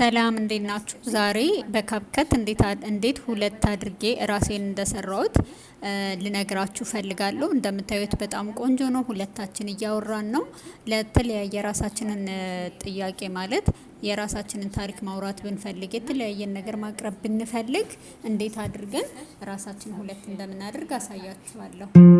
ሰላም እንዴት ናችሁ? ዛሬ በካፕከት እንዴት ሁለት አድርጌ ራሴን እንደሰራሁት ልነግራችሁ ፈልጋለሁ። እንደምታዩት በጣም ቆንጆ ነው። ሁለታችን እያወራን ነው። ለተለያየ የራሳችንን ጥያቄ ማለት የራሳችንን ታሪክ ማውራት ብንፈልግ የተለያየን ነገር ማቅረብ ብንፈልግ እንዴት አድርገን ራሳችን ሁለት እንደምናደርግ አሳያችኋለሁ።